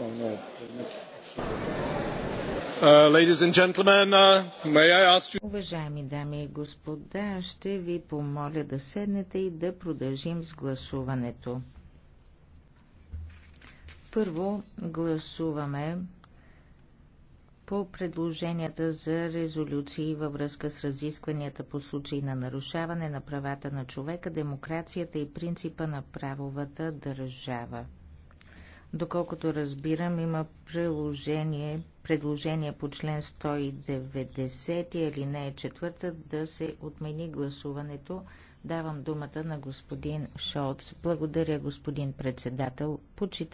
Uh, uh, Уважаеми дами и господа, ще ви помоля да седнете и да продължим с гласуването. Първо гласуваме по предложенията за резолюции във връзка с разискванията по случай на нарушаване на правата на човека, демокрацията и принципа на правовата държава. Доколкото разбирам, има приложение, предложение по член 190 или не четвърта да се отмени гласуването. Давам думата на господин Шолц. Благодаря, господин председател. Почита